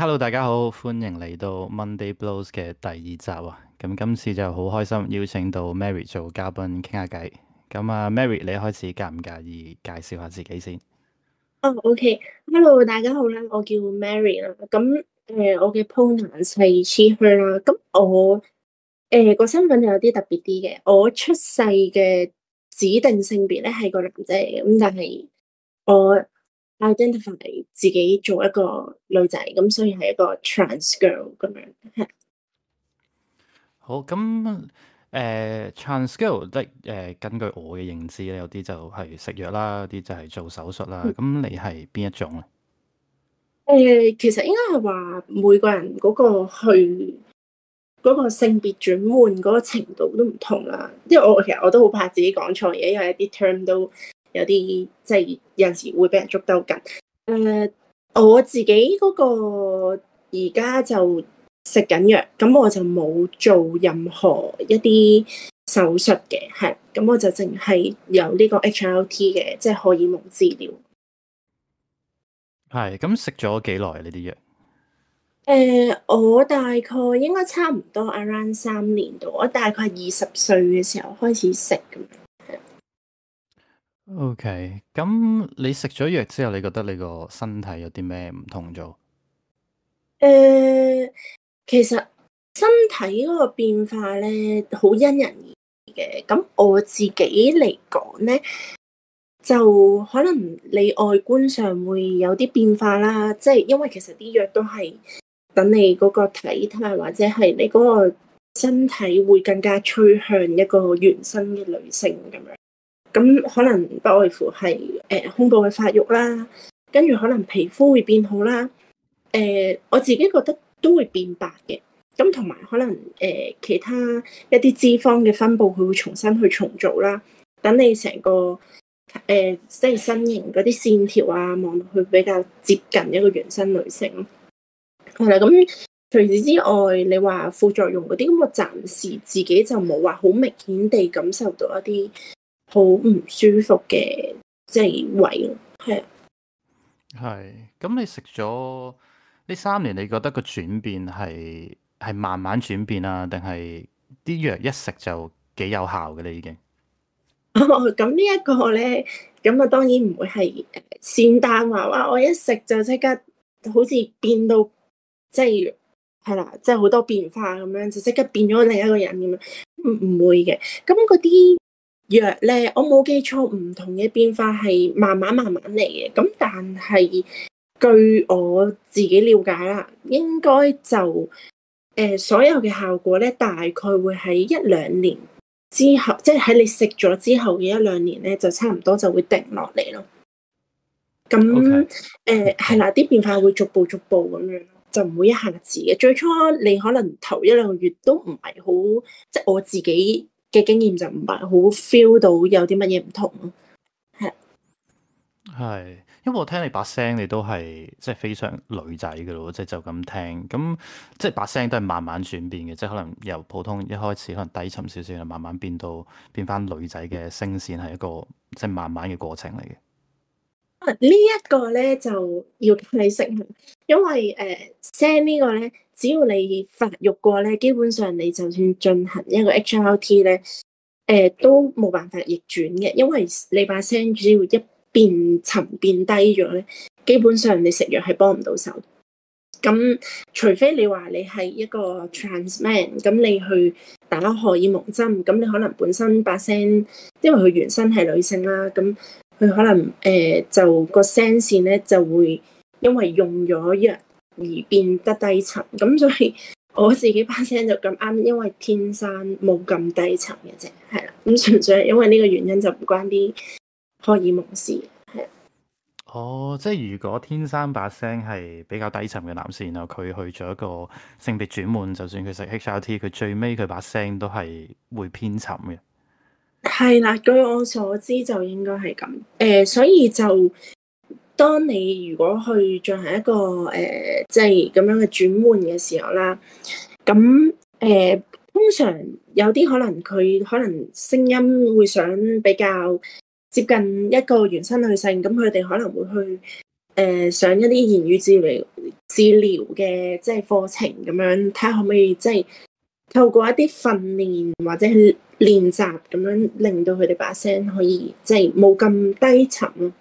Hello，大家好，歡迎嚟到 Monday Blows 嘅第二集啊！咁今次就好開心邀請到 Mary 做嘉賓傾下偈。咁啊，Mary，你開始介唔介意介紹下自己先？哦、oh，OK，Hello，okay. 大家好啦，我叫 Mary 啦。咁，誒、呃，我嘅 pronouns 係 she/her 啦。咁、呃、我誒個身份有啲特別啲嘅。我出世嘅指定性別咧係個男仔嚟嘅，咁但係我。identify 自己做一個女仔，咁所以係一個 trans girl 咁樣。係好咁，誒、呃、trans girl 即係誒，根據我嘅認知咧，有啲就係食藥啦，有啲就係做手術啦。咁、嗯、你係邊一種咧？誒、呃，其實應該係話每個人嗰個去嗰個性別轉換嗰個程度都唔同啦。因為我其實我都好怕自己講錯嘢，因為有啲 term 都。有啲即係有時會俾人捉兜緊。誒、呃，我自己嗰個而家就食緊藥，咁我就冇做任何一啲手術嘅，係，咁我就淨係有呢個 HRT 嘅，即係荷爾蒙治療。係，咁食咗幾耐呢啲藥？誒、呃，我大概應該差唔多 around 三年度，我大概二十歲嘅時候開始食咁樣。OK，咁你食咗藥之後，你覺得你個身體有啲咩唔同咗？誒、呃，其實身體嗰個變化咧，好因人而異嘅。咁我自己嚟講咧，就可能你外觀上會有啲變化啦。即係因為其實啲藥都係等你嗰個體態，或者係你嗰個身體會更加趨向一個原生嘅女性咁樣。咁可能不外乎係誒胸部嘅發育啦，跟住可能皮膚會變好啦，誒、呃、我自己覺得都會變白嘅，咁同埋可能誒、呃、其他一啲脂肪嘅分佈佢會重新去重組啦，等你成個誒、呃、即係身形嗰啲線條啊，望落去比較接近一個原生女性咯。啦、嗯，咁除此之外，你話副作用嗰啲咁，我暫時自己就冇話好明顯地感受到一啲。好唔舒服嘅即係胃。係、就、係、是。咁你食咗呢三年，你覺得個轉變係係慢慢轉變啊？定係啲藥一食就幾有效嘅咧？你已經。咁、哦、呢一個咧，咁啊，當然唔會係先單話話我一食就即刻好似變到即係係啦，即係好多變化咁樣，就即刻變咗另一個人咁樣。唔唔會嘅。咁嗰啲。藥咧，我冇記錯，唔同嘅變化係慢慢慢慢嚟嘅。咁但係據我自己了解啦，應該就誒、呃、所有嘅效果咧，大概會喺一兩年之後，即係喺你食咗之後嘅一兩年咧，就差唔多就會定落嚟咯。咁誒係啦，啲變化會逐步逐步咁樣，就唔會一下子嘅。最初你可能頭一兩個月都唔係好，即係我自己。嘅經驗就唔係好 feel 到有啲乜嘢唔同咯，係，係，因為我聽你把聲，你都係即係非常女仔嘅咯，即係就咁聽，咁即係把聲都係慢慢轉變嘅，即係可能由普通一開始可能低沉少少，慢慢變到變返女仔嘅聲線，係一個即係慢慢嘅過程嚟嘅。呢、啊、一個咧就要你識，因為誒聲、呃、呢個咧。只要你發育過咧，基本上你就算進行一個 HRT 咧，誒、呃、都冇辦法逆轉嘅，因為你把聲只要一變沉變低咗咧，基本上你食藥係幫唔到手。咁除非你話你係一個 trans man，咁你去打荷爾蒙針，咁你可能本身把聲，因為佢原身係女性啦，咁佢可能誒、呃、就、個聲線咧就會因為用咗藥，而變得低沉，咁所以我自己把聲就咁啱，因為天生冇咁低沉嘅啫，係啦。咁純粹係因為呢個原因，就唔關啲荷爾蒙事。係。哦，即係如果天生把聲係比較低沉嘅男士，然後佢去咗一個性別轉換，就算佢食 HRT，佢最尾佢把聲都係會偏沉嘅。係啦，據我所知就應該係咁。誒、呃，所以就。當你如果去進行一個誒，即係咁樣嘅轉換嘅時候啦，咁誒、呃、通常有啲可能佢可能聲音會想比較接近一個原生女性，咁佢哋可能會去誒上、呃、一啲言語治療治療嘅即係課程咁樣，睇下可唔可以即係透過一啲訓練或者練習咁樣，令到佢哋把聲可以即係冇咁低沉。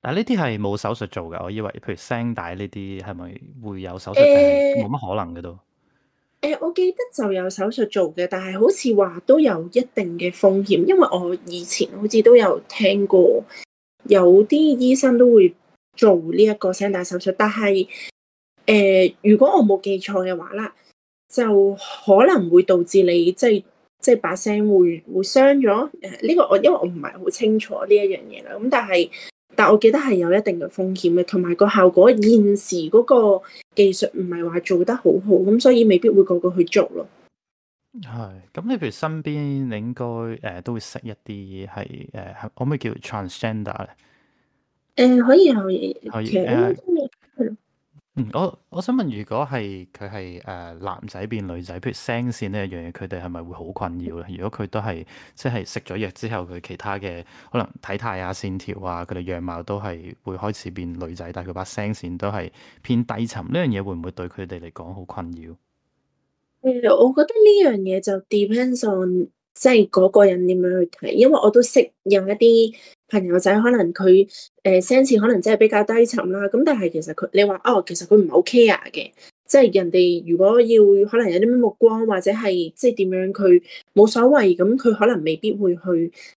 但呢啲係冇手術做嘅，我以為，譬如聲帶呢啲係咪會有手術？冇乜、呃、可能嘅都。誒、呃，我記得就有手術做嘅，但係好似話都有一定嘅風險，因為我以前好似都有聽過，有啲醫生都會做呢一個聲帶手術，但係誒、呃，如果我冇記錯嘅話啦，就可能會導致你即係即係把聲會會傷咗。誒、呃，呢、這個我因為我唔係好清楚呢一樣嘢啦，咁但係。但我記得係有一定嘅風險嘅，同埋個效果現時嗰個技術唔係話做得好好，咁所以未必會個個去做咯。係，咁你譬如身邊你應該誒、呃、都會識一啲係誒，可唔可以叫做 transgender 咧？誒、呃，可以可以。其實我我想問，如果係佢係誒男仔變女仔，譬如聲線呢一樣嘢，佢哋係咪會好困擾咧？如果佢都係即係食咗藥之後，佢其他嘅可能體態啊、線條啊，佢哋樣貌都係會開始變女仔，但係佢把聲線都係偏低沉，呢樣嘢會唔會對佢哋嚟講好困擾？誒，我覺得呢樣嘢就 depends on 即係嗰個人點樣去睇，因為我都識一啲。朋友仔可能佢誒聲線可能真係比較低沉啦，咁但係其實佢你話哦，其實佢唔係好 care 嘅，即係人哋如果要可能有啲咩目光或者係即係點樣佢冇所謂咁，佢可能未必會去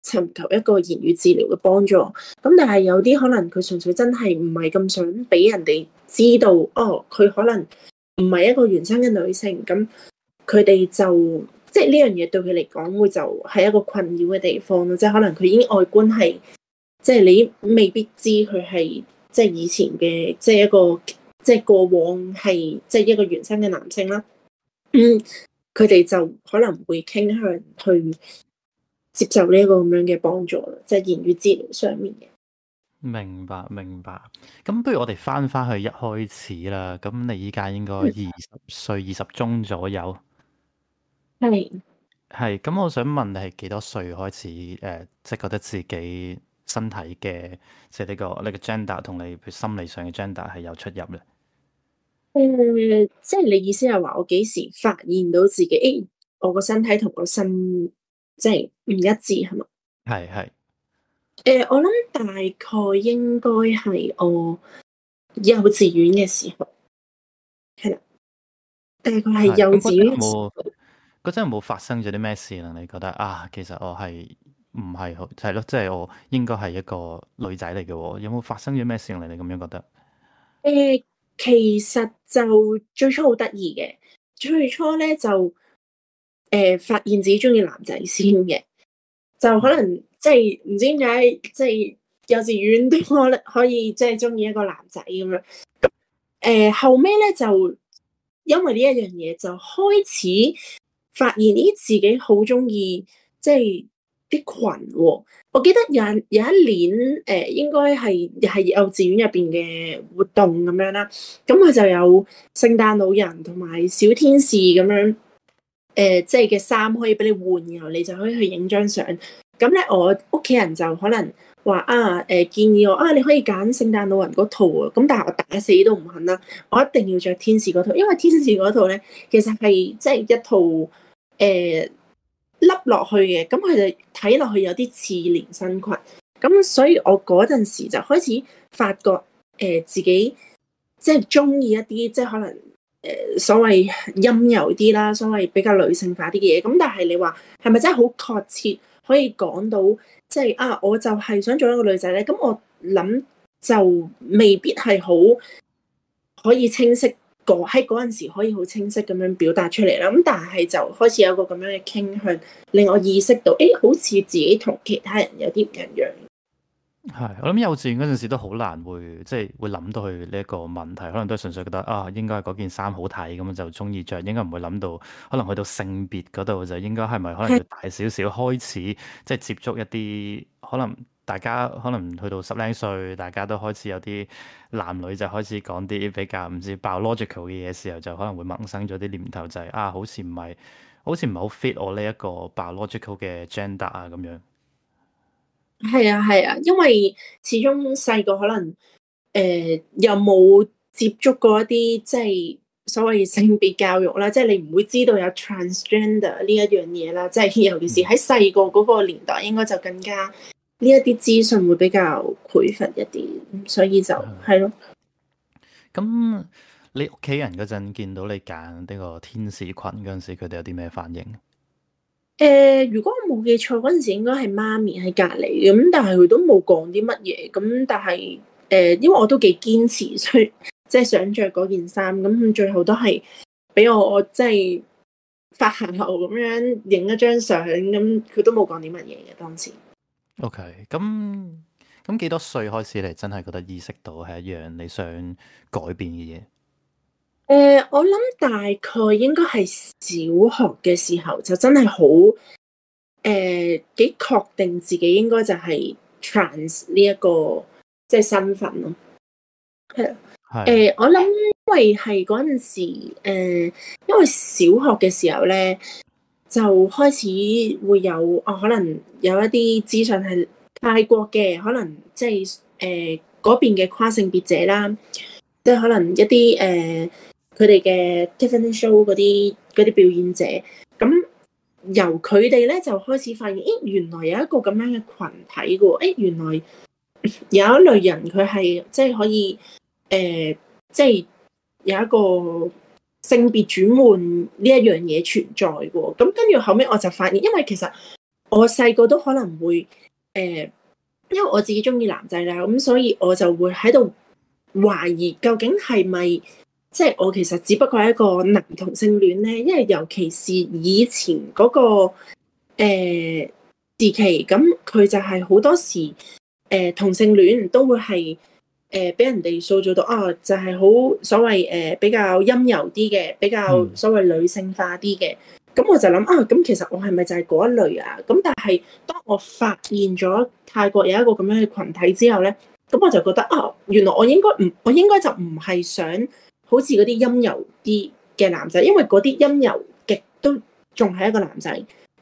尋求一個言語治療嘅幫助。咁但係有啲可能佢純粹真係唔係咁想俾人哋知道，哦，佢可能唔係一個原生嘅女性，咁佢哋就即係呢樣嘢對佢嚟講會就係一個困擾嘅地方咯，即係可能佢已經外觀係。即係你未必知佢係即係以前嘅，即係一個即係過往係即係一個原生嘅男性啦。嗯，佢哋就可能會傾向去接受呢一個咁樣嘅幫助啦，即係言語治療上面嘅。明白，明白。咁不如我哋翻翻去一開始啦。咁你依家應該二十歲二十中左右。係係是。咁我想問你係幾多歲開始？誒、呃，即係覺得自己。身體嘅即係呢個呢，這個 gender 同你，譬如心理上嘅 gender 係有出入咧？誒、呃，即係你意思係話我幾時發現到自己，誒，我個身體同個心即係唔一致，係嘛？係係。誒、呃，我諗大概應該係我幼稚園嘅時候，係啦。大概係幼稚園嗰陣有冇發生咗啲咩事啦？你覺得啊？其實我係。唔係，係咯，即、就、係、是、我應該係一個女仔嚟嘅。有冇發生咗咩事嚟？你咁樣覺得？誒、呃，其實就最初好得意嘅，最初咧就誒、呃、發現自己中意男仔先嘅，就可能即係唔知點解，即係幼稚園都可可以即係中意一個男仔咁樣。誒、呃、後尾咧就因為呢一樣嘢，就開始發現呢自己好中意即係。就是啲裙喎，我記得有有一年誒、呃，應該係係幼稚園入邊嘅活動咁樣啦。咁佢就有聖誕老人同埋小天使咁樣誒，即係嘅衫可以俾你換，然後你就可以去影張相。咁咧，我屋企人就可能話啊誒、呃，建議我啊，你可以揀聖誕老人嗰套啊。咁但係我打死都唔肯啦，我一定要着天使嗰套，因為天使嗰套咧，其實係即係一套誒、呃凹落去嘅，咁佢就睇落去有啲似連身裙，咁所以我嗰陣時就開始發覺，誒，自己即係中意一啲即係可能誒，所謂陰柔啲啦，所謂比較女性化啲嘅嘢。咁但係你話係咪真係好確切可以講到，即係，啊，我就係想做一個女仔咧？咁我諗就未必係好可以清晰。喺嗰陣時可以好清晰咁樣表達出嚟啦，咁但係就開始有個咁樣嘅傾向，令我意識到，誒好似自己同其他人有啲唔一樣。係，我諗幼稚園嗰陣時都好難會，即係會諗到佢呢一個問題，可能都係純粹覺得啊，應該係嗰件衫好睇，咁就中意着。應該唔會諗到，可能去到性別嗰度就應該係咪可能要大少少，開始係嘅，即係接觸一啲可能。大家可能去到十零歲，大家都開始有啲男女就開始講啲比較唔知 biological 嘅嘢時候，就可能會萌生咗啲念頭，就係、是、啊，好似唔係，好似唔係好 fit 我呢一個 biological 嘅 gender 啊咁樣。係啊，係啊，因為始終細個可能誒、呃、又冇接觸過一啲即係所謂性別教育啦，即係你唔會知道有 transgender 呢一樣嘢啦，即係尤其是喺細個嗰個年代，應該就更加。嗯呢一啲資訊會比較匱乏一啲，所以就係咯。咁、嗯、了你屋企人嗰陣見到你揀呢個天使裙嗰陣時，佢哋有啲咩反應？誒、呃，如果我冇記錯嗰陣時應該媽媽，應該係媽咪喺隔籬咁，但係佢都冇講啲乜嘢。咁但係誒，因為我都幾堅持，所以即係想着嗰件衫咁，最後都係俾我，我即係發行後咁樣影一張相咁，佢都冇講啲乜嘢嘅當時。OK，咁，咁幾多歲開始你真係覺得意識到係一樣你想改變嘅嘢？誒、呃，我諗大概應該係小學嘅時候就真係好誒，幾確定自己應該就係 trans 呢、這、一個即係身份咯。係，誒的、呃，我諗因為係嗰陣時，誒、呃，因為小學嘅時候咧。就開始會有哦、啊，可能有一啲資訊係泰國嘅，可能即係誒嗰邊嘅跨性別者啦，即、就、係、是、可能一啲誒佢哋嘅 Tiffany Show 啲啲表演者，咁由佢哋咧就開始發現，咦、欸，原來有一個咁樣嘅群體嘅喎，誒、欸，原來有一類人佢係即係可以誒，即、呃、係、就是、有一個性別轉換呢一樣嘢存在喎，咁跟住後尾我就發現，因為其實我細個都可能會誒、呃，因為我自己中意男仔咧，咁所以我就會喺度懷疑究竟係咪即係我其實只不過係一個男同性戀咧？因為尤其是以前嗰、那個誒、呃、時期，咁佢就係好多時誒、呃、同性戀都會係。誒俾、呃、人哋塑造到，啊、哦、就係、是、好所謂誒、呃、比較陰柔啲嘅，比較所謂女性化啲嘅。咁、嗯、我就諗啊，咁、哦、其實我係咪就係嗰一類啊？咁但係當我發現咗泰國有一個咁樣嘅群體之後咧，咁我就覺得啊、哦，原來我應該唔，我應該就唔係想好似嗰啲陰柔啲嘅男仔，因為嗰啲陰柔極都仲係一個男仔。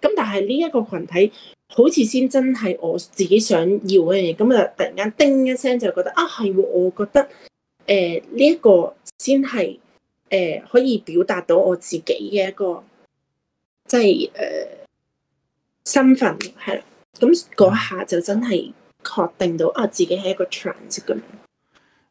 咁但係呢一個群體。好似先真係我自己想要嘅嘢，咁啊突然間叮一聲就覺得啊係，我覺得誒呢一個先係誒可以表達到我自己嘅一個即係誒身份係啦，咁嗰下就真係確定到啊我自己係一個 trans 嘅。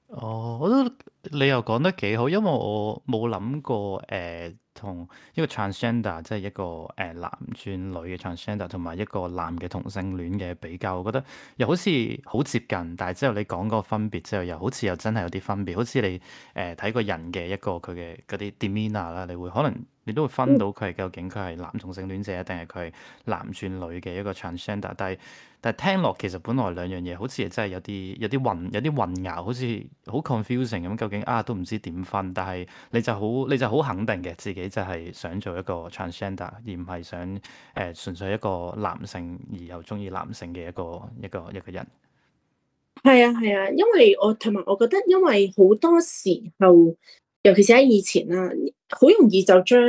哦，我都、oh, 你又講得幾好，因為我冇諗過誒、呃，同一個 transgender 即係一個誒、呃、男轉女嘅 transgender，同埋一個男嘅同性戀嘅比較，我覺得又好似好接近，但係之後你講個分別之後，又好似又真係有啲分別，好似你誒睇個人嘅一個佢嘅嗰啲 demeanor 啦，anor, 你會可能。你都會分到佢係究竟佢係男同性戀者，定係佢係男轉女嘅一個 transgender？、嗯、但係但係聽落，其實本來兩樣嘢好似真係有啲有啲混有啲混淆，好似好 confusing 咁。究竟啊，都唔知點分？但係你就好你就好肯定嘅，自己就係想做一個 transgender，而唔係想誒、呃、純粹一個男性而又鍾意男性嘅一個一個一個人。係啊係啊，因為我同埋我覺得，因為好多時候，尤其是喺以前啦、啊。好容易就將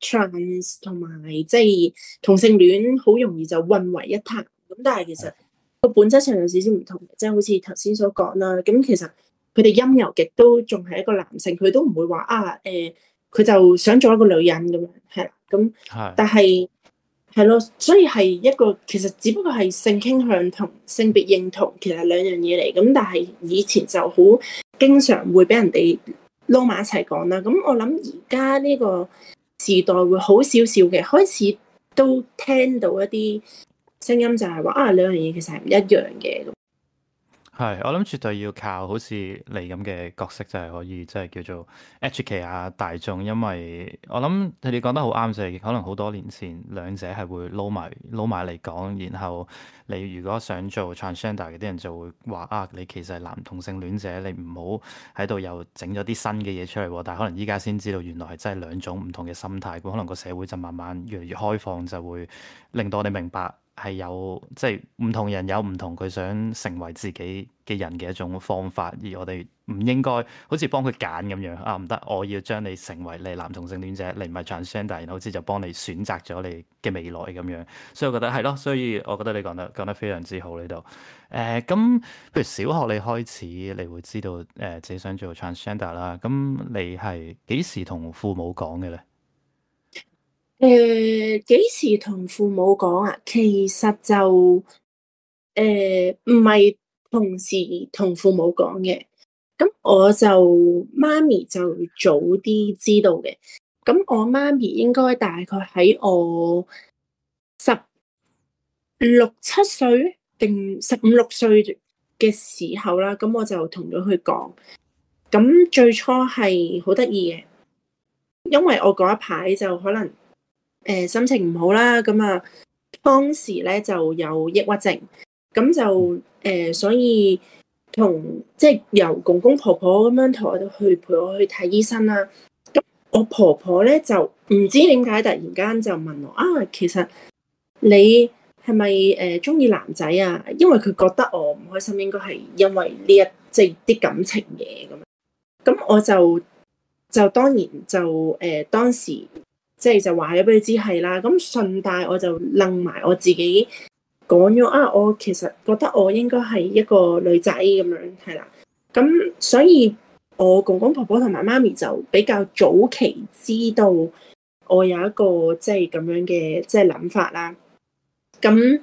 trans 同埋即係同性戀，好容易就混為一談。咁但係其實個本質上有少少唔同，即係好似頭先所講啦。咁其實佢哋陰柔極都仲係一個男性，佢都唔會話啊誒，佢，呃，就想做一個女人咁樣係。咁但係係咯，所以係一個其實只不過係性傾向同性別認同，其實兩樣嘢嚟。咁但係以前就好經常會俾人哋。撈埋一齊講啦，咁我諗而家呢個時代會好少少嘅，開始都聽到一啲聲音，就係話：「啊，兩樣嘢其實係唔一樣嘅。」係，我諗絕對要靠好似你咁嘅角色，就係可以即係叫做 educate 下大眾，因為我諗佢哋講得好啱，就係可能好多年前兩者係會撈埋撈埋嚟講，然後你如果想做 transgender 嘅啲人就會話啊，你其實係男同性戀者，你唔好喺度又整咗啲新嘅嘢出嚟喎。但係可能依家先知道，原來係真係兩種唔同嘅心態。可能個社會就慢慢越嚟越開放，就會令到我哋明白。係有，即係唔同人有唔同佢想成為自己嘅人嘅一種方法，而我哋唔應該好似幫佢揀咁樣啊，唔得，我要將你成為你男同性戀者，你唔係 transgender，然後好似就幫你選擇咗你嘅未來咁樣。所以我覺得係咯，所以我覺得你講得講得非常之好呢度。誒，咁、呃、譬如小學你開始你會知道誒自己想做 transgender 啦，咁你係幾時同父母講嘅咧？誒，幾時同父母講啊？其實就誒，唔係同時同父母講嘅。咁我就媽咪就早啲知道嘅。咁我媽咪應該大概喺我十六七歲定十五六歲嘅時候啦。咁我就同咗佢講。咁最初係好得意嘅，因為我嗰一排就可能。誒，心情唔好啦，咁啊，當時咧就有抑鬱症，咁就誒、呃，所以同即係、就是、由公公婆婆咁樣同我去陪我去睇醫生啦。咁我婆婆咧就唔知點解突然間就問我啊，其實你係咪誒中意男仔啊？因為佢覺得我唔開心，應該係因為呢一即係啲感情嘢，咁。咁我就就當然就誒、呃、當時。即係就話咗俾佢知係啦，咁順帶我就楞埋我自己講咗啊，我其實覺得我應該係一個女仔咁樣，係啦，咁所以我公公婆婆同埋媽咪就比較早期知道我有一個即係咁樣嘅即係諗法啦。咁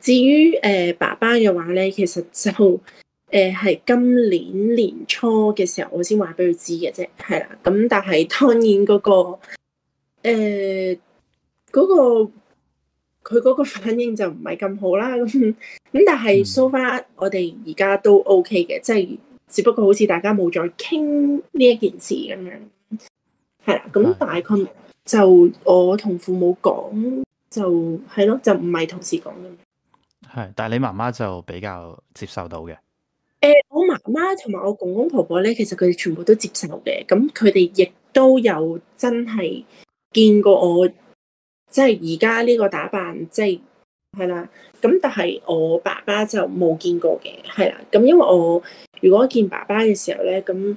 至於誒、呃、爸爸嘅話咧，其實就誒係、呃、今年年初嘅時候我，我先話俾佢知嘅啫，係啦，咁但係當然嗰、嗰個。誒，嗰、呃，那個佢嗰個反應就唔係咁好啦。咁 但係 so far，嗯、我哋而家都 OK 嘅，即、就、係、是、只不過好似大家冇再傾呢一件事咁樣。係啦、啊，咁大概就我同父母講就係咯，就唔係、啊、同時講咯。係，但係你媽媽就比較接受到嘅。誒、呃，我媽媽同埋我公公婆婆咧，其實佢哋全部都接受嘅。咁佢哋亦都有真係。見過我，即係而家呢個打扮，即係係啦。咁但係我爸爸就冇見過嘅，係啦。咁因為我如果我見爸爸嘅時候咧，咁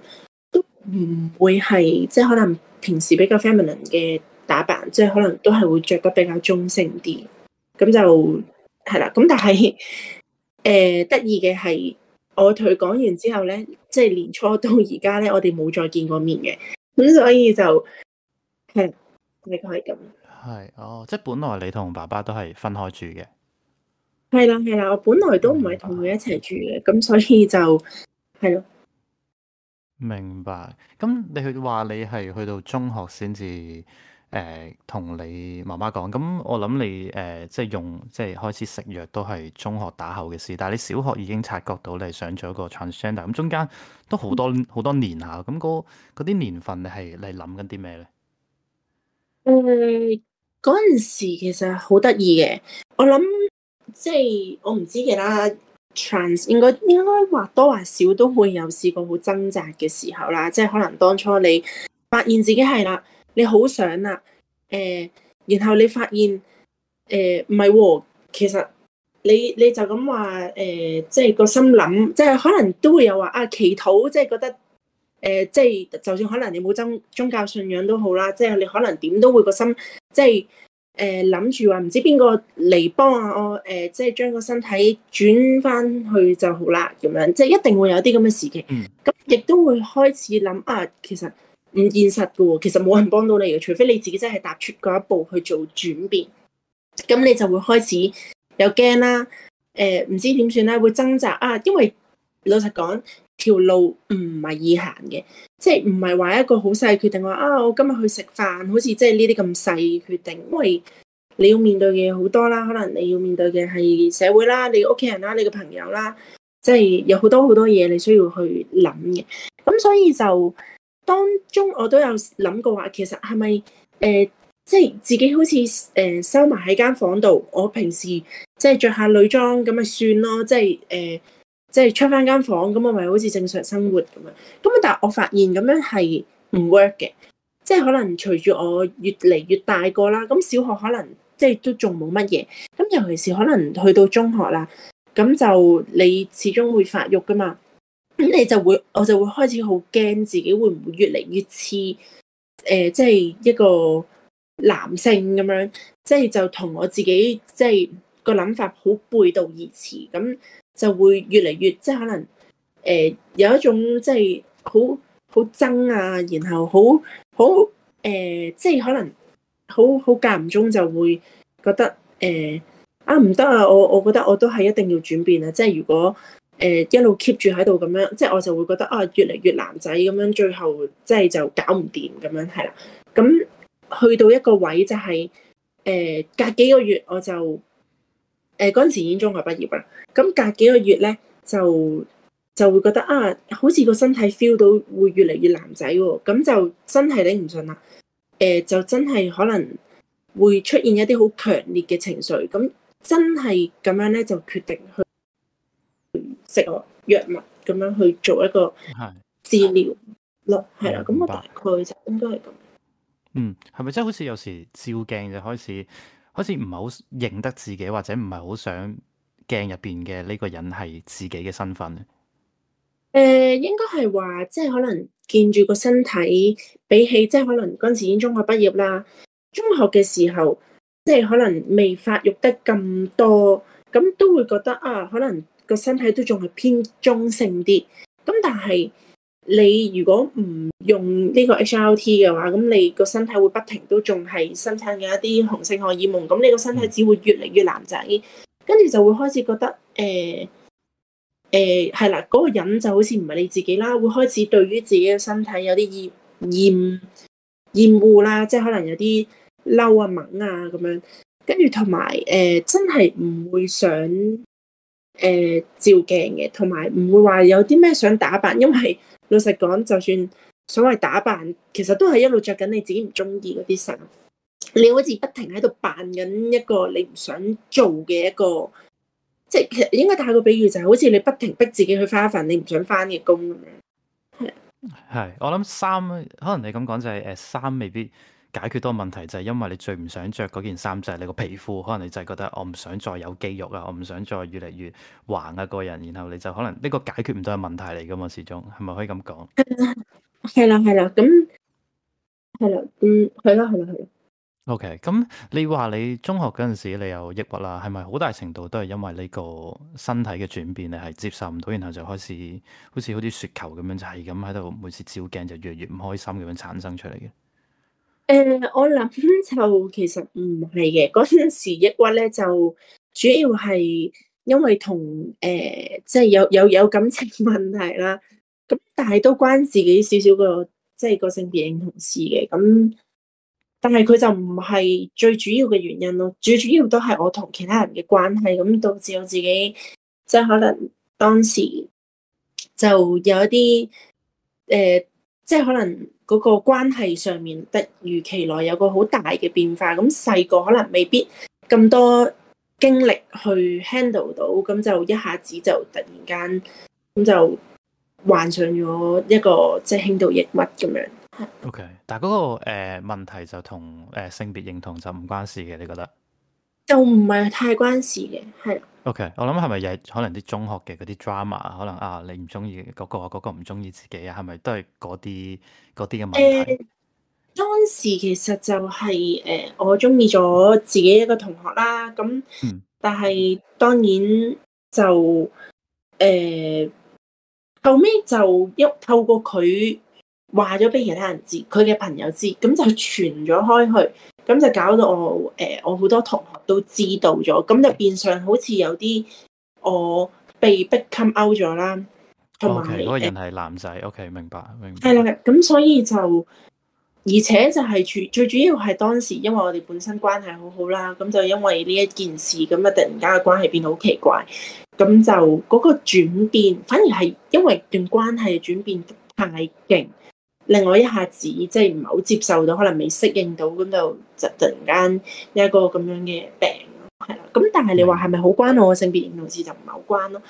都唔會係即係可能平時比較 feminine 嘅打扮，即係可能都係會着得比較中性啲。咁就係啦。咁但係誒、 呃、得意嘅係，我同佢講完之後咧，即係年初到而家咧，我哋冇再見過面嘅。咁所以就係。係咁，係哦，即係本來你同爸爸都係分開住嘅，係啦係啦，我本來都唔係同佢一齊住嘅，咁白所以就係咯。明白。咁你去話你係去到中學先至誒同你媽媽講，咁我諗你誒、呃、即係用即係開始食藥都係中學打後嘅事，但係你小學已經察覺到你上咗個 transgender，咁中間都好多好、嗯、多年下，咁嗰啲年份你係你諗緊啲咩咧？誒，嗰陣時其實好得意嘅，我諗即係我唔知嘅啦。trans 應該應該或多或少都會有試過好掙扎嘅時候啦，即係可能當初你發現自己係啦，你好想啦，誒，然後你發現誒唔係喎，其實你你就咁話誒，即係個心諗，即係可能都會有話啊，祈禱，即係覺得。誒、呃，即係就算可能你冇宗宗教信仰都好啦，即係你可能點都會個心，即係誒諗住話唔知邊個嚟幫、啊、我誒、呃，即係將個身體轉翻去就好啦咁樣，即係一定會有啲咁嘅時期。嗯，咁亦都會開始諗啊，其實唔現實㗎喎，其實冇人幫到你嘅，除非你自己真係踏出嗰一步去做轉變。咁你就會開始有驚啦，誒、呃、唔知點算咧，會掙扎啊，因為老實講。條路唔係易行嘅，即係唔係話一個好細決定話啊！我今日去食飯，好似即係呢啲咁細決定，因為你要面對嘅好多啦，可能你要面對嘅係社會啦、你屋企人啦、你嘅朋友啦，即係有好多好多嘢，你需要去諗嘅。咁所以就當中，我都有諗過話，其實係咪誒，即係自己好似誒收埋喺間房度，我平時即係着下女裝咁咪算咯，即係誒。呃即係出翻間房咁，我咪好似正常生活咁樣。咁但係我發現咁樣係唔 work 嘅。即係可能隨住我越嚟越大個啦。咁小學可能即係都仲冇乜嘢。咁尤其是可能去到中學啦，咁就你始終會發育噶嘛。咁你就會我就會開始好驚自己會唔會越嚟越似誒，即係一個男性咁樣。即係就同我自己即係個諗法好背道而馳咁。就會越嚟越即係可能誒、呃、有一種即係好好憎啊，然後好好誒即係可能好好間唔中就會覺得誒、呃、啊唔得啊，我我覺得我都係一定要轉變啊！即係如果誒、呃、一路 keep 住喺度咁樣，即係我就會覺得啊越嚟越男仔咁樣，最後即係就搞唔掂咁樣係啦。咁去到一個位就係、是、誒、呃、隔幾個月我就。誒，呃、嗰陣時已經中學畢業啦，咁隔幾個月咧就就會覺得啊，好似個身體 feel 到會越嚟越男仔喎、哦，咁就真係頂唔順啦。誒、呃，就真係可能會出現一啲好強烈嘅情緒，咁真係咁樣咧就決定去食藥物，咁樣去做一個治療咯，係啦的。嗯、咁我大概就應該係咁。嗯，係咪真係好似有時照鏡就開始？好似唔係好認得自己，或者唔係好想鏡入邊嘅呢個人係自己嘅身份。誒、呃，應該係話，即係可能見住個身體，比起即係可能嗰陣時已經中學畢業啦，中學嘅時候，即係可能未發育得咁多，咁都會覺得啊，可能個身體都仲係偏中性啲，咁但係。你如果唔用呢個 HRT 嘅話，咁你個身體會不停都仲係生產緊一啲雄性荷爾蒙，咁你個身體只會越嚟越男仔，跟住就會開始覺得誒誒係啦，嗰、那個人就好似唔係你自己啦，會開始對於自己嘅身體有啲厭厭惡啦，即係可能有啲嬲啊、猛啊咁樣，跟住同埋誒真係唔會想誒、呃、照鏡嘅，同埋唔會話有啲咩想打扮，因為。老實講，就算所謂打扮，其實都係一路着緊你自己唔中意嗰啲衫。你好似不停喺度扮緊一個你唔想做嘅一個，即係其實應該打個比喻，就是，就係好似你不停逼自己去返一份你唔想返嘅工咁樣。係，我諗三，可能你咁講就係、是、誒，三未必。解決多問題，就係因為你最唔想着嗰件衫就係你個皮膚，可能你就係覺得我唔想再有肌肉啊，我唔想再越嚟越橫一個人，然後你就可能呢個解決唔到嘅問題嚟噶嘛，始終係咪可以咁講？係啦，係啦，咁係啦，係啦，嗯，係啦，係啦，係啦。OK，咁你話你中學嗰陣時你有抑鬱啦，係咪好大程度都係因為呢個身體嘅轉變你係接受唔到，然後就開始好似好似雪球咁樣就係咁喺度每次照鏡就越嚟越唔開心咁樣產生出嚟嘅。誒、呃，我諗就其實唔係嘅嗰陣時抑鬱咧，就主要係因為同誒即係有有有感情問題啦。咁但係都關自己少少個即係個性別認同事嘅咁，但係佢就唔係最主要嘅原因咯。最主要都係我同其他人嘅關係咁導致我自己即係可能當時就有一啲誒，即係、呃、就是、可能。嗰個關係上面突如其來有個好大嘅變化，咁細個可能未必咁多經歷去 handle 到，咁就一下子就突然間咁就患上咗一個即係輕度抑鬱咁樣。O、okay, K，但係、嗰個誒、呃、問題就同誒、呃、性別認同就唔關事嘅，你覺得？就唔係太關事嘅，係。OK，我諗係咪又係可能啲中學嘅嗰啲 drama，可能啊，你唔中意嗰個，嗰、嗰個唔中意自己啊，係咪都係嗰啲嗰啲嘅問題、呃？當時其實就係、是、誒、呃，我中意咗自己一個同學啦。咁，嗯、但係當然就誒、呃、後尾就一透過佢話咗俾其他人知，佢嘅朋友知，咁就傳咗開去，咁就搞到我誒、呃，我好多同學。都知道咗，咁就變相好似有啲我、呃、被逼 come out 咗啦，同埋係嘅。Okay, 嗰個人係男仔。呃、o、okay, K，明白，明白。係啦，咁所以就而且就係、是、主最主要係當時，因為我哋本身關係好好啦，咁就因為呢一件事，咁啊突然間嘅關係變到好奇怪，咁就嗰個轉變反而係因為段關係轉變太勁，令我一下子即係唔係好接受到，可能未適應到咁就。突然間一個咁樣嘅病，係啦。咁但係你話係咪好關我、嗯、我性別認同事就唔係好關咯？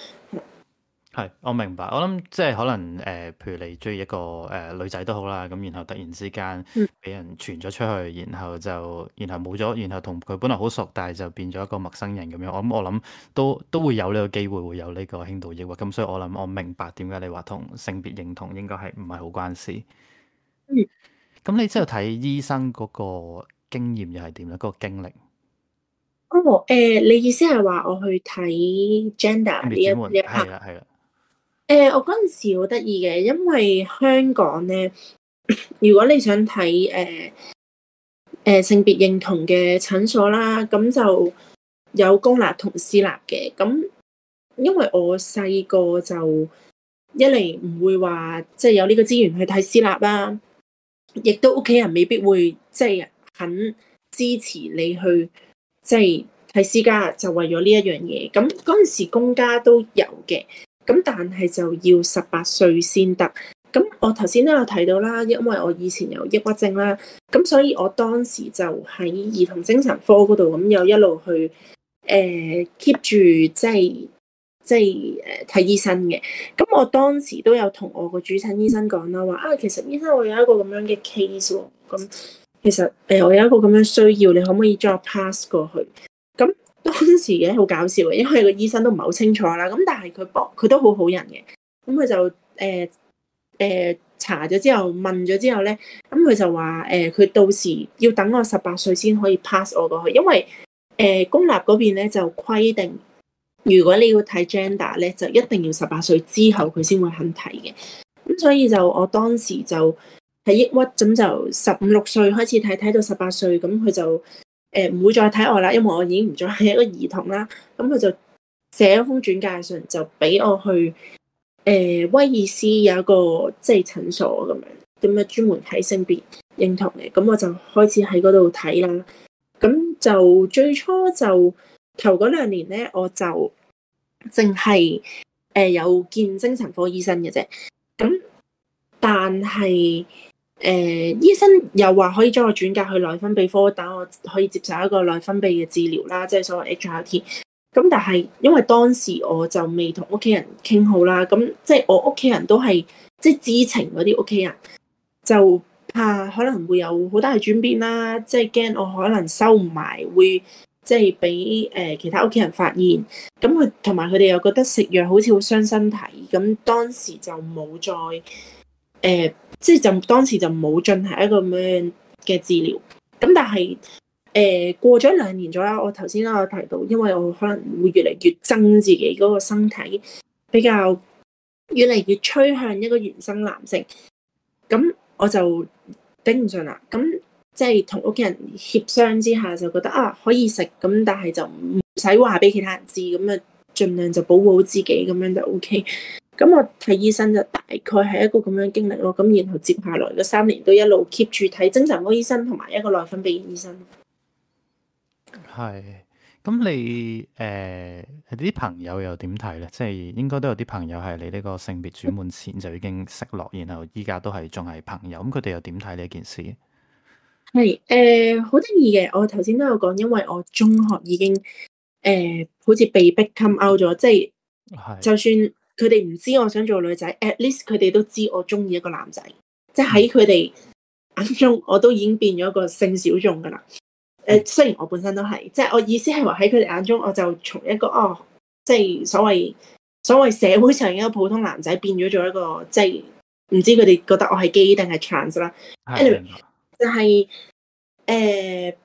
係，我明白。我諗即係可能誒、呃，譬如你追一個誒、呃、女仔都好啦。咁然後突然之間俾人傳咗出去，嗯、然後就然後冇咗，然後同佢本來好熟，但係就變咗一個陌生人咁樣。我咁我諗都都會有呢個機會，會有呢個輕度抑鬱。咁所以我諗我明白點解你話同性別認同應該係唔係好關事。嗯。咁你之後睇醫生嗰、那個？經驗又係點樣？嗰、那個經歷哦，誒、呃，你意思係話我去睇 gender 呢一一刻？係啦，係啦、呃。我嗰陣時好得意嘅，因為香港咧，如果你想睇誒誒性別認同嘅診所啦，咁就有公立同私立嘅。咁因為我細個就一嚟唔會話即係有呢個資源去睇私立啦，亦都屋企人未必會即係。就是肯支持你去即係睇私家，就為咗呢一樣嘢。咁嗰陣時公家都有嘅，咁但係就要十八歲先得。咁我頭先都有提到啦，因為我以前有抑鬱症啦，咁所以我當時就喺兒童精神科嗰度咁有一路去誒 keep 住即係即係誒睇醫生嘅。咁我當時都有同我個主診醫生講啦，話啊，其實醫生，我有一個咁樣嘅 case 喎，咁。其實誒，我有一個咁樣需要，你可唔可以再 pass 過去？咁當時嘅好搞笑嘅，因為個醫生都唔係好清楚啦。咁但係佢幫佢都好好人嘅。咁佢就誒誒、呃呃、查咗之後問咗之後咧，咁佢就話誒，佢、呃、到時要等我十八歲先可以 pass 我過去，因為誒、呃、公立嗰邊咧就規定，如果你要睇 gender 咧，就一定要十八歲之後佢先會肯睇嘅。咁所以就我當時就。喺抑鬱，咁就十五六歲開始睇，睇到十八歲，咁佢就誒唔會再睇我啦，因為我已經唔再係一個兒童啦。咁佢就寫咗封轉介信，就俾我去誒、呃、威爾斯有一個即係診所咁樣，咁啊專門睇性別認同嘅。咁我就開始喺嗰度睇啦。咁就最初就頭嗰兩年咧，我就淨係誒有見精神科醫生嘅啫。咁但係。誒、uh, 醫生又話可以將我轉介去內分泌科，等我可以接受一個內分泌嘅治療啦，即係所謂 HRT。咁但係因為當時我就未同屋企人傾好啦，咁即係我屋企人都係即係知情嗰啲屋企人，就怕可能會有好大轉變啦，即係驚我可能收唔埋，會即係俾誒其他屋企人發現。咁佢同埋佢哋又覺得食藥好似好傷身體，咁當時就冇再誒。呃即係就當時就冇進行一個咁樣嘅治療，咁但係誒、呃、過咗兩年左右。我頭先我提到，因為我可能會越嚟越憎自己嗰個身體，比較越嚟越趨向一個原生男性，咁我就頂唔順啦。咁即係同屋企人協商之下，就覺得啊可以食，咁但係就唔使話俾其他人知，咁啊盡量就保護好自己，咁樣就 O、OK、K。咁我睇醫生就大概係一個咁樣經歷咯，咁然後接下來嘅三年都一路 keep 住睇精神科醫生同埋一個內分泌嘅醫生。係，咁你誒啲、呃、朋友又點睇咧？即係應該都有啲朋友係你呢個性別轉換前就已經識落， 然後依家都係仲係朋友，咁佢哋又點睇呢件事？係誒，好得意嘅，我頭先都有講，因為我中學已經誒、呃，好似被逼 come out 咗，即係是就算。佢哋唔知我想做女仔，at least 佢哋都知我中意一個男仔，即係喺佢哋眼中，我都已經變咗一個性小眾噶啦。誒、呃，嗯、雖然我本身都係，即係我意思係話喺佢哋眼中，我就從一個哦，即係所謂所謂社會上一個普通男仔，變咗做一個即係唔知佢哋覺得我係 gay 定係 trans 啦。嗯、anyway，就係、是、誒、呃，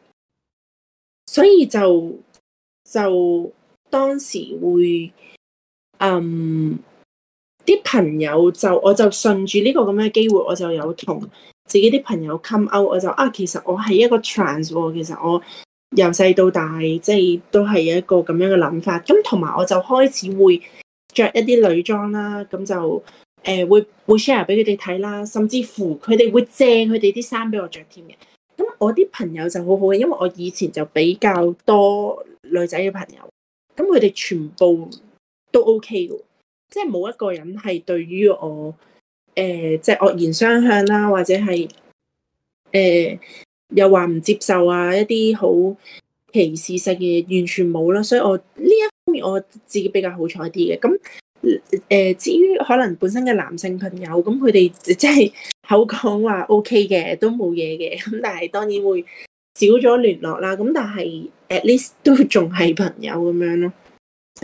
所以就就當時會。嗯，啲、um, 朋友就我就順住呢個咁嘅機會，我就有同自己啲朋友 come out。我就啊，其實我係一個 trans 喎、哦。其實我由細到大，即、就、係、是、都係一個咁樣嘅諗法。咁同埋我就開始會着一啲女裝啦。咁、嗯、就誒、呃、會會 share 俾佢哋睇啦，甚至乎佢哋會借佢哋啲衫俾我着添嘅。咁、嗯、我啲朋友就好好嘅，因為我以前就比較多女仔嘅朋友，咁佢哋全部。都 O K 嘅，即係冇一個人係對於我誒，即係惡言相向啦，或者係誒、呃、又話唔接受啊，一啲好歧視性嘅嘢，完全冇啦。所以我呢一方面我自己比較好彩啲嘅。咁誒、呃，至於可能本身嘅男性朋友，咁佢哋即係口講話 O K 嘅，都冇嘢嘅。咁但係當然會少咗聯絡啦。咁但係 at least 都仲係朋友咁樣咯。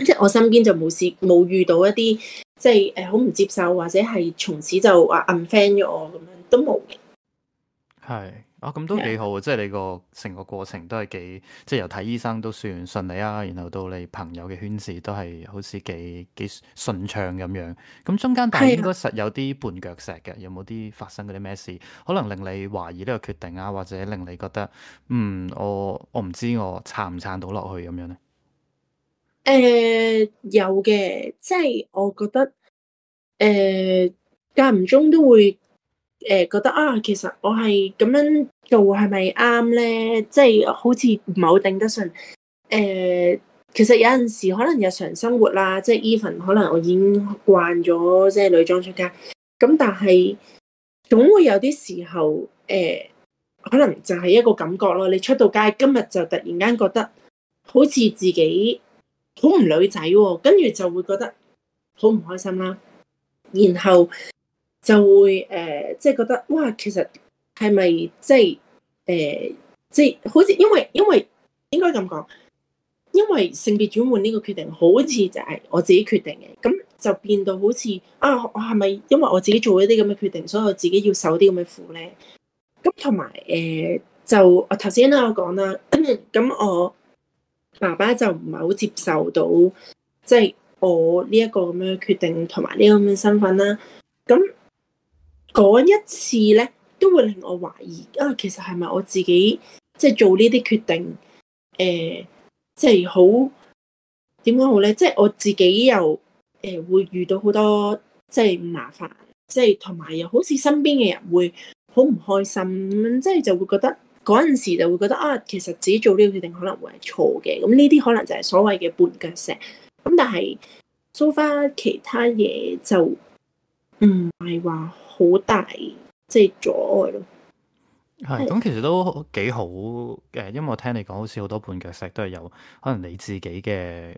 即係我身邊就冇事，冇遇到一啲即係誒，好唔接受，或者係從此就話 unfriend 咗我咁樣，都冇嘅。係啊，咁、哦、都幾好的即係你個成個過程都係幾即係由睇醫生都算順利啊，然後到你朋友嘅圈子都係好似幾幾順暢咁樣。咁中間但係應該實有啲絆腳石嘅，的有冇啲發生嗰啲咩事，可能令你懷疑呢個決定啊，或者令你覺得嗯，我我唔知我撐唔撐到落去咁樣咧？誒、呃，有嘅，即係我覺得，誒、呃，間唔中都會，誒、呃，覺得啊，其實我係咁樣做係咪啱咧？即係好似唔係好頂得順。誒、呃，其實有陣時可能日常生活啦，即係 even 可能我已經慣咗，即係女裝出街。咁但係，總會有啲時候，誒、呃，可能就係一個感覺咯。你出到街，今日就突然間覺得，好似自己。好唔女仔喎、啊，跟住就會覺得好唔開心啦、啊，然後就會誒，即、呃、係、就是、覺得哇，其實係咪即係誒，即、呃、係、就是、好似因為因為應該咁講，因為性別轉換呢個決定好似就係我自己決定嘅，咁就變到好似啊，我係咪因為我自己做咗啲咁嘅決定，所以我自己要受啲咁嘅苦咧？咁同埋誒，就我頭先都有講啦，咁我。爸爸就唔係好接受到，即係我呢一個咁樣嘅決定同埋呢個咁樣嘅身份啦。咁嗰一次咧，都會令我懷疑啊，其實係咪我自己即係做呢啲決定？誒，即係好點講好咧？即係我自己又誒會遇到好多即係麻煩，即係同埋又好似身邊嘅人會好唔開心，即係就會覺得。嗰陣時就會覺得啊，其實自己做呢個決定可能會係錯嘅。咁呢啲可能就係所謂嘅絆腳石。咁但係 so far 其他嘢就唔係話好大即係、就是、阻礙咯。係咁，其實都幾好嘅，因為我聽你講，好似好多絆腳石都係有可能你自己嘅誒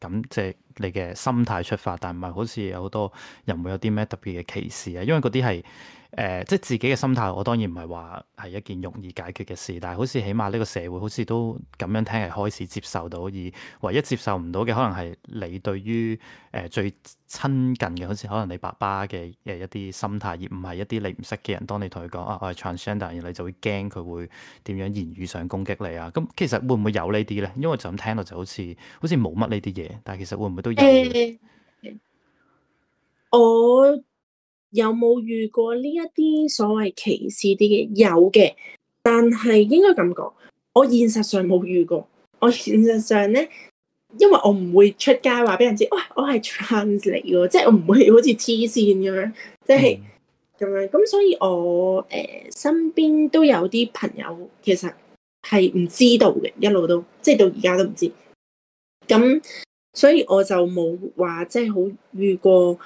咁，即係你嘅心態出發，但唔係好似有好多人會有啲咩特別嘅歧視啊，因為嗰啲係。誒、呃，即係自己嘅心態，我當然唔係話係一件容易解決嘅事，但係好似起碼呢個社會好似都咁樣聽係開始接受到，而唯一接受唔到嘅可能係你對於誒、呃、最親近嘅，好似可能你爸爸嘅嘅一啲心態，而唔係一啲你唔識嘅人。當你同佢講啊，我係 transgender，而你就會驚佢會點樣言語上攻擊你啊？咁其實會唔會有呢啲咧？因為就咁聽到就好似好似冇乜呢啲嘢，但係其實會唔會都有呢啲、欸？我。有冇遇過呢一啲所謂歧視啲嘅？有嘅，但係應該咁講，我現實上冇遇過。我現實上咧，因為我唔會出街話俾人知，哇、哦，我係 trans 嚟嘅，即係我唔會好似黐線咁樣，即係咁、嗯、樣。咁所以我，我、呃、誒身邊都有啲朋友，其實係唔知道嘅，一路都即係到而家都唔知。咁所以我就冇話即係好遇過。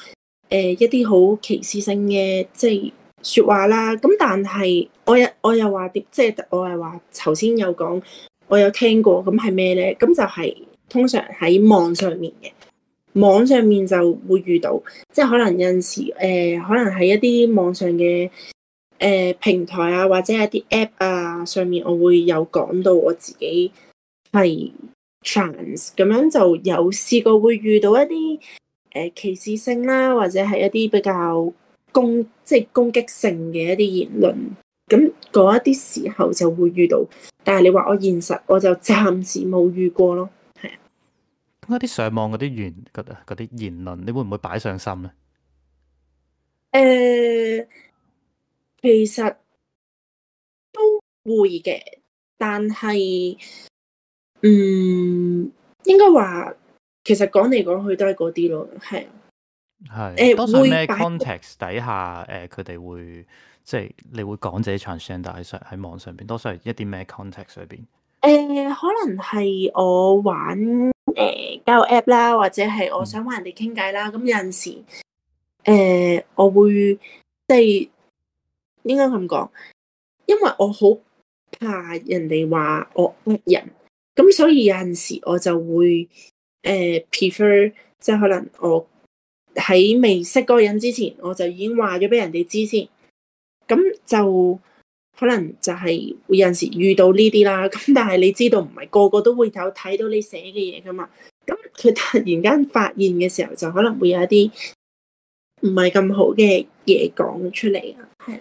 誒、呃、一啲好歧視性嘅即係說話啦，咁但係我，我又、就是、我又話點？即係我係話頭先有講，我有聽過，咁係咩咧？咁就係、是、通常喺網上面嘅網上面就會遇到，即、就、係、是、可能有陣時誒、呃，可能喺一啲網上嘅誒、呃、平台啊，或者一啲 App 啊上面，我會有講到我自己係 trans 咁樣，就有試過會遇到一啲。誒、呃，歧視性啦，或者係一啲比較攻，即係攻擊性嘅一啲言論，咁嗰一啲時候就會遇到。但係你話我現實，我就暫時冇遇過咯。係啊，咁嗰啲上網嗰啲言，嗰啲言論，你會唔會擺上心咧？誒、呃，其實都會嘅，但係，嗯，應該話。其實講嚟講去都係嗰啲咯，係係誒，是呃、多數咩 context 底下誒，佢、呃、哋會即係你會講自己 transgender，但係喺喺網上邊多數係一啲咩 context 上邊誒，可能係我玩誒、呃、交友 app 啦，或者係我想搵人哋傾偈啦，咁、嗯、有陣時誒、呃，我會即係、就是、應該咁講，因為我好怕人哋話我惡人，咁所以有陣時我就會。誒、uh, prefer，即係可能我喺未識嗰個人之前，我就已經話咗俾人哋知先。咁就可能就係有陣時遇到呢啲啦。咁但係你知道唔係個個都會有睇到你寫嘅嘢㗎嘛。咁佢突然間發現嘅時候，就可能會有一啲唔係咁好嘅嘢講出嚟啊。係。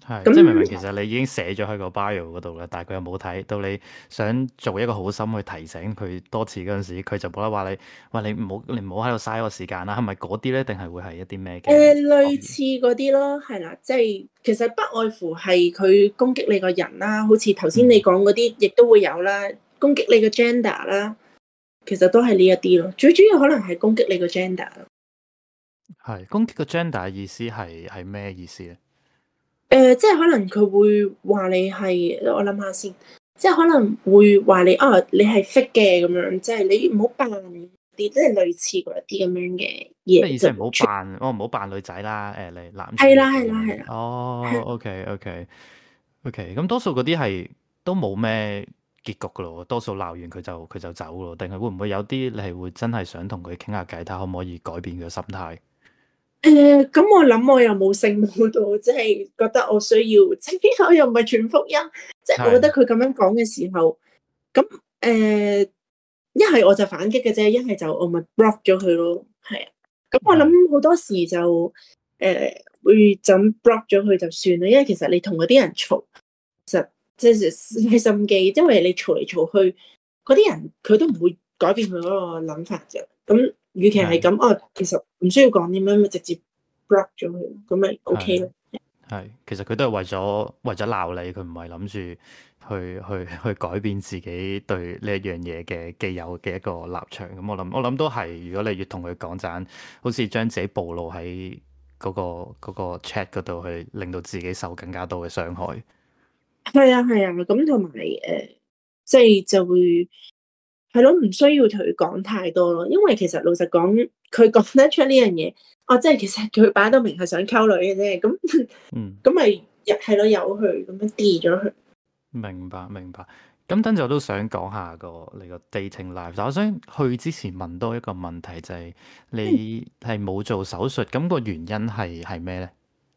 係，是那即係明明其實你已經寫咗喺個 bio 嗰度啦，但係佢又冇睇到。你想做一個好心去提醒佢多次嗰陣時，佢就冇得話你，喂，你唔好，你唔好喺度嘥我時間啦。係咪嗰啲咧，定係會係一啲咩嘅？誒，類似嗰啲咯，係啦，即係其實不外乎係佢攻擊你個人啦，好似頭先你講嗰啲，亦都會有啦，嗯、攻擊你個 gender 啦，其實都係呢一啲咯。最主要可能係攻擊你個 gender 攻擊個 gender。係攻擊個 gender 意思係係咩意思咧？誒、呃，即係可能佢會話你係，我諗下先，即係可能會話你，哦、啊，你係識嘅咁樣，即係你唔好扮啲，即係類似嗰啲咁樣嘅嘢。即係唔好扮，哦，唔好扮女仔啦，誒，你男。係啦，係啦，係啦、哦。哦，OK，OK，OK，咁多數嗰啲係都冇咩結局噶咯，多數鬧完佢就佢就走咯，定係會唔會有啲你係會真係想同佢傾下偈，睇下可唔可以改變佢嘅心態？誒，咁、uh, 我諗我又冇聖母到，即、就、係、是、覺得我需要，即、就、係、是、我又唔係傳福音，即係是的 我覺得佢咁樣講嘅時候，咁誒，一、uh, 係我就反擊嘅啫，一係就、嗯嗯、我咪 block 咗佢咯，係啊，咁我諗好多時就誒會、uh, 就 block 咗佢就算啦，因為其實你同嗰啲人嘈，其實即、就、係、是就是、嘥心機，因為你嘈嚟嘈去，嗰啲人佢都唔會改變佢嗰個諗法嘅，咁。與其係咁，我其實唔需要講啲咩，咪直接 block 咗佢，咁咪 OK 咯。係，其實佢、OK、都係為咗為咗鬧你，佢唔係諗住去去去改變自己對呢一樣嘢嘅既有嘅一個立場。咁我諗我諗都係，如果你越同佢講盞，好似將自己暴露喺嗰、嗰個、嗰個 chat 嗰度，去令到自己受更加多嘅傷害。係啊係啊，咁同埋誒，即係、呃就係、就會。係咯，唔需要同佢講太多咯，因為其實老實講，佢講得出呢樣嘢，哦，即係其實佢擺得明係想溝女嘅啫，咁，嗯，咁咪係咯，有佢咁樣跌咗佢。明白，明白。咁等陣我都想講下個呢個 dating life，但我想去之前問多一個問題，就係、是、你係冇做手術，咁、那個原因係係咩咧？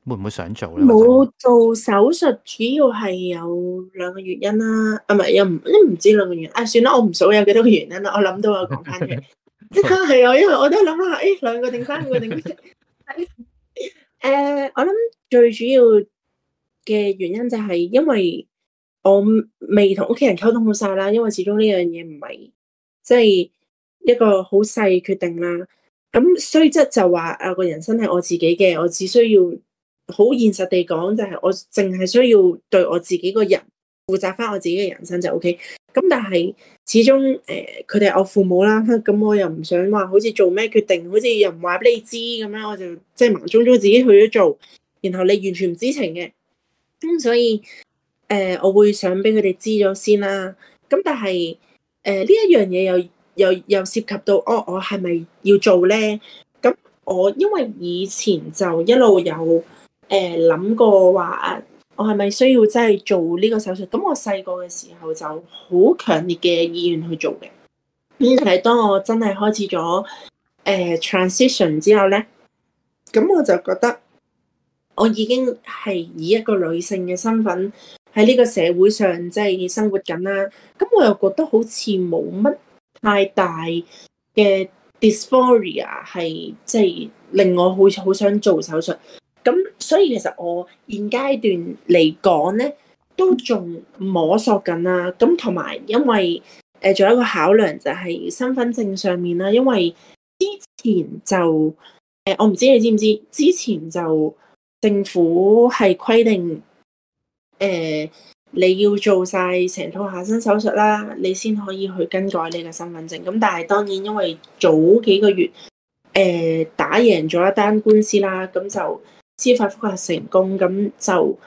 會唔會想做咧？冇做手術，主要係有兩個原因啦，唔係又唔都唔知兩個原因，啊 啊啊。哎，算啦， 啊，我唔數有幾多個原因啦，我諗到我講翻出。真係我，因為我都係諗啦，哎，兩個定三個定。誒，我諗最主要嘅原因就係因為我未同屋企人溝通好晒啦，因為始終呢樣嘢唔係即係一個好細決定啦。咁雖則就話啊，個人生係我自己嘅，我只需要。好現實地講，就係我淨係需要對我自己個人負責，翻我自己嘅人生就 OK。咁但係始終誒，佢哋我父母啦，咁我又唔想話好似做咩決定，好似又唔話俾你知咁樣，我就即係盲中中自己去咗做，然後你完全唔知情嘅。咁所以誒，我會想俾佢哋知咗先啦。咁但係誒呢一樣嘢又又又涉及到，哦，我係咪要做咧？咁我因為以前就一路有。誒，諗過話，我係咪需要真係做呢個手術？咁我細個嘅時候就好強烈嘅意願去做嘅。嗯，但係當我真係開始咗誒、呃、transition 之後咧，咁我就覺得我已經係以一個女性嘅身份喺呢個社會上即係生活緊啦。咁我又覺得好似冇乜太大嘅 dysphoria 係即係令我好好想做手術。咁所以其實我現階段嚟講咧，都仲摸索緊啦。咁同埋因為誒仲、呃、有一個考量就係身份證上面啦。因為之前就誒、呃、我唔知你知唔知，之前就政府係規定誒、呃、你要做晒成套下身手術啦，你先可以去更改你嘅身份證。咁但係當然因為早幾個月誒、呃、打贏咗一單官司啦，咁就司法覆核成功，咁就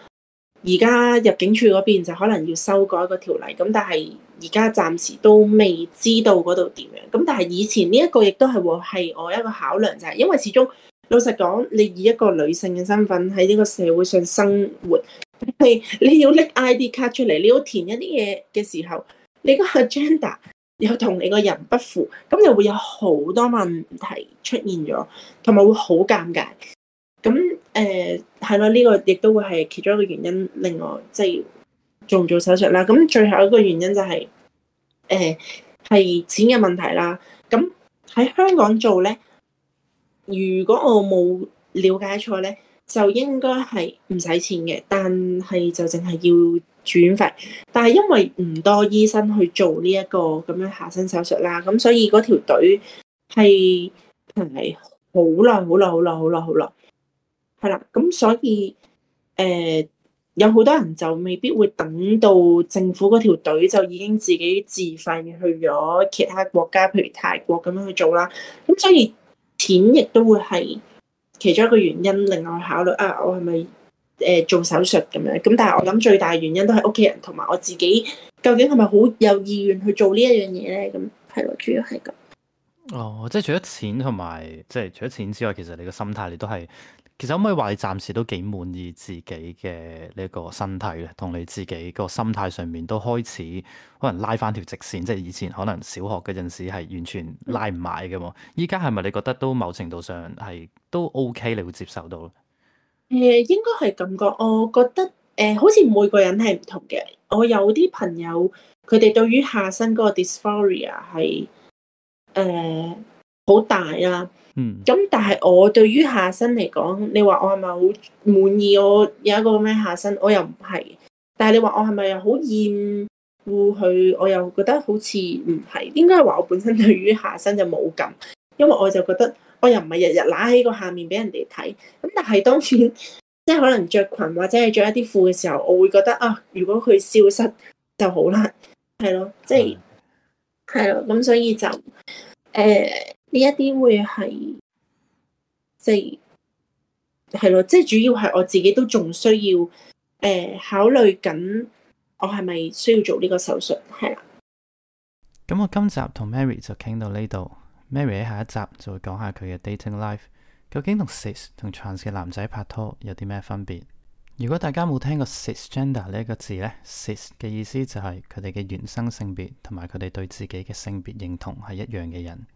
而家入境處嗰邊就可能要修改一個條例咁，但係而家暫時都未知道嗰度點樣。咁但係以前呢一個亦都係我係我一個考量，就係、是、因為始終老實講，你以一個女性嘅身份喺呢個社會上生活，係你要拎 I D 卡出嚟，你要填一啲嘢嘅時候，你個 gender 又同你個人不符，咁又會有好多問題出現咗，同埋會好尷尬咁。誒係咯，呢、嗯這個亦都會係其中一個原因。另外，即係做唔做手術啦？咁最後一個原因就係，誒係錢嘅問題啦。咁喺香港做咧，如果我冇了解錯咧，就應該係唔使錢嘅，但係就淨係要轉費。但係因為唔多醫生去做呢、這、一個咁樣下身手術啦，咁所以嗰條隊係排好耐、好耐、好耐、好耐、好耐。好係啦，咁所以誒、呃、有好多人就未必會等到政府嗰條隊就已經自己自費去咗其他國家，譬如泰國咁樣去做啦。咁所以錢亦都會係其中一個原因，另外考慮啊，我係咪誒做手術咁樣？咁但係我諗最大原因都係屋企人同埋我自己究竟係咪好有意願去做呢一樣嘢咧？咁係咯，主要係咁。哦，即係除咗錢同埋，即係除咗錢之外，其實你個心態你都係。其實可唔可以話你暫時都幾滿意自己嘅呢個身體嘅，同你自己個心態上面都開始可能拉翻條直線，即係以前可能小學嗰陣時係完全拉唔埋嘅，依家係咪你覺得都某程度上係都 OK，你會接受到？誒、呃，應該係咁講，我覺得誒、呃，好似每個人係唔同嘅。我有啲朋友，佢哋對於下身嗰個 dysphoria 係誒好、呃、大啊。嗯，咁但係我對於下身嚟講，你話我係咪好滿意？我有一個咁樣下身，我又唔係。但係你話我係咪好厭惡佢？我又覺得好似唔係，應該係話我本身對於下身就冇感，因為我就覺得我又唔係日日拉起個下面俾人哋睇。咁但係當然，即係可能着裙或者係着一啲褲嘅時候，我會覺得啊，如果佢消失就好啦，係咯，即係係咯，咁、嗯、所以就誒。呃呢一啲會係即係咯，即係主要係我自己都仲需要誒、呃、考慮緊，我係咪需要做呢個手術？係啦。咁我今集同 Mary 就傾到呢度。Mary 喺下一集就會講下佢嘅 dating life，究竟同 cis 同 trans 嘅男仔拍拖有啲咩分別？如果大家冇聽過 cis gender 呢一個字咧，cis 嘅意思就係佢哋嘅原生性別同埋佢哋對自己嘅性別認同係一樣嘅人。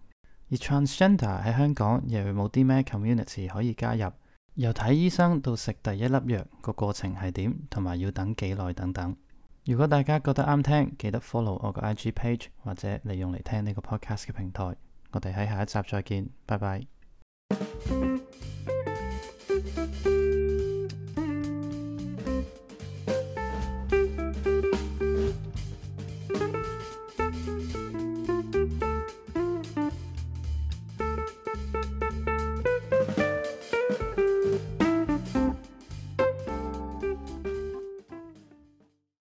而 transgender 喺香港，又有冇啲咩 community 可以加入？由睇醫生到食第一粒藥個過程係點，同埋要等幾耐等等。如果大家覺得啱聽，記得 follow 我個 IG page 或者利用嚟聽呢個 podcast 嘅平台。我哋喺下一集再見，拜拜。